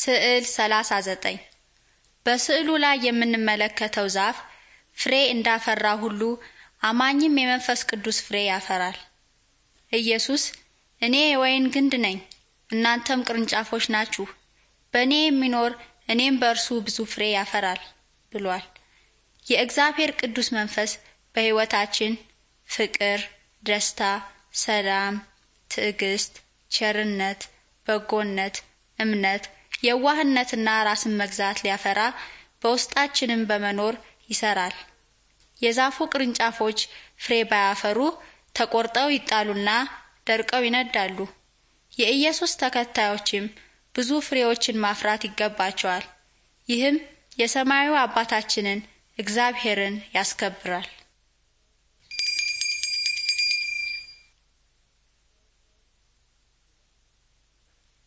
ስዕል 39 በስዕሉ ላይ የምንመለከተው ዛፍ ፍሬ እንዳፈራ ሁሉ አማኝም የመንፈስ ቅዱስ ፍሬ ያፈራል። ኢየሱስ እኔ የወይን ግንድ ነኝ፣ እናንተም ቅርንጫፎች ናችሁ። በእኔ የሚኖር እኔም በእርሱ ብዙ ፍሬ ያፈራል ብሏል። የእግዚአብሔር ቅዱስ መንፈስ በሕይወታችን ፍቅር፣ ደስታ፣ ሰላም፣ ትዕግስት፣ ቸርነት፣ በጎነት፣ እምነት የዋህነትና ራስን መግዛት ሊያፈራ በውስጣችንም በመኖር ይሰራል። የዛፉ ቅርንጫፎች ፍሬ ባያፈሩ ተቆርጠው ይጣሉና ደርቀው ይነዳሉ። የኢየሱስ ተከታዮችም ብዙ ፍሬዎችን ማፍራት ይገባቸዋል። ይህም የሰማዩ አባታችንን እግዚአብሔርን ያስከብራል።